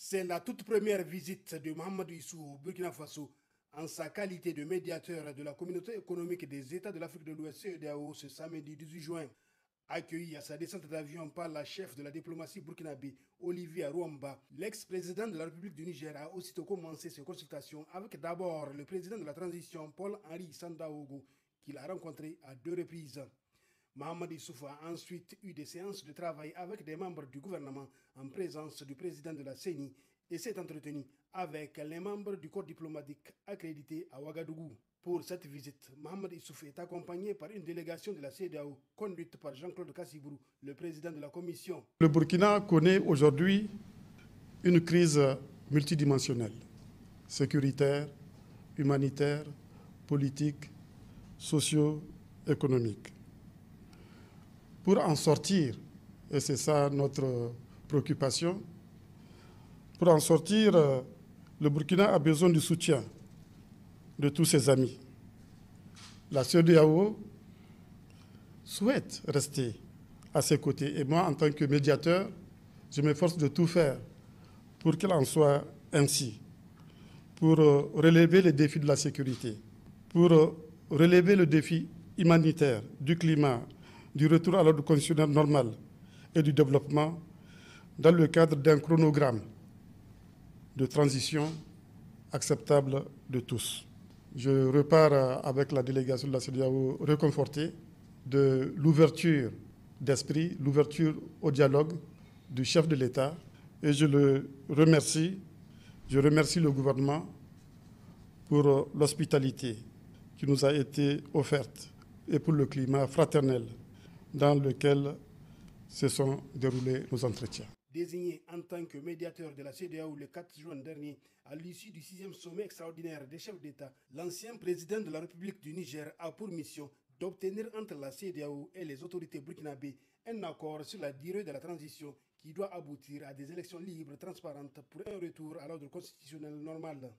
C'est la toute première visite de Mohamed Issou au Burkina Faso en sa qualité de médiateur de la communauté économique des États de l'Afrique de l'Ouest CEDAO ce samedi 18 juin. Accueilli à sa descente d'avion par la chef de la diplomatie burkinabé, Olivier Rouamba, l'ex-président de la République du Niger a aussitôt commencé ses consultations avec d'abord le président de la transition, Paul-Henri Sandaogo, qu'il a rencontré à deux reprises. Mohamed Issouf a ensuite eu des séances de travail avec des membres du gouvernement en présence du président de la CENI et s'est entretenu avec les membres du corps diplomatique accrédité à Ouagadougou. Pour cette visite, Mohamed Issouf est accompagné par une délégation de la CEDAO conduite par Jean-Claude Kassibourou, le président de la commission. Le Burkina connaît aujourd'hui une crise multidimensionnelle, sécuritaire, humanitaire, politique, socio-économique pour en sortir, et c'est ça notre préoccupation, pour en sortir, euh, le Burkina a besoin du soutien de tous ses amis. La CEDEAO souhaite rester à ses côtés. Et moi, en tant que médiateur, je m'efforce de tout faire pour qu'il en soit ainsi, pour euh, relever les défis de la sécurité, pour euh, relever le défi humanitaire, du climat, du retour à l'ordre constitutionnel normal et du développement dans le cadre d'un chronogramme de transition acceptable de tous. Je repars euh, avec la délégation de la CEDEAO reconfortée de l'ouverture d'esprit, l'ouverture au dialogue du chef de l'État et je le remercie. Je remercie le gouvernement pour euh, l'hospitalité qui nous a été offerte et pour le climat fraternel dans lequel se sont déroulés nos entretiens. Désigné en tant que médiateur de la CDAO le 4 juin dernier, à l'issue du sixième sommet extraordinaire des chefs d'État, l'ancien président de la République du Niger a pour mission d'obtenir entre la CDAO et les autorités burkinabées un accord sur la durée de la transition qui doit aboutir à des élections libres, transparentes, pour un retour à l'ordre constitutionnel normal.